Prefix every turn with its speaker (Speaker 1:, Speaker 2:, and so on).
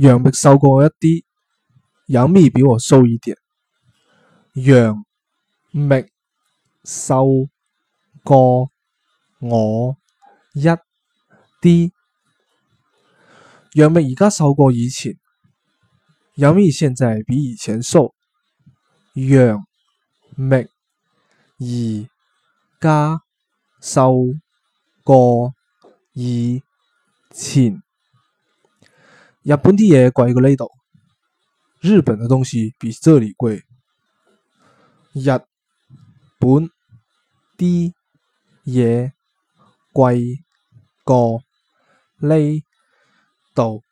Speaker 1: 楊冪瘦過一啲，有咩比我瘦呢啲啊？楊冪瘦過我一啲，楊冪而家瘦過以前。楊冪現在比以前瘦，楊冪而家瘦過以前。日本啲嘢貴過呢度，日本嘅東西比這裏貴。日本啲嘢貴過呢
Speaker 2: 度。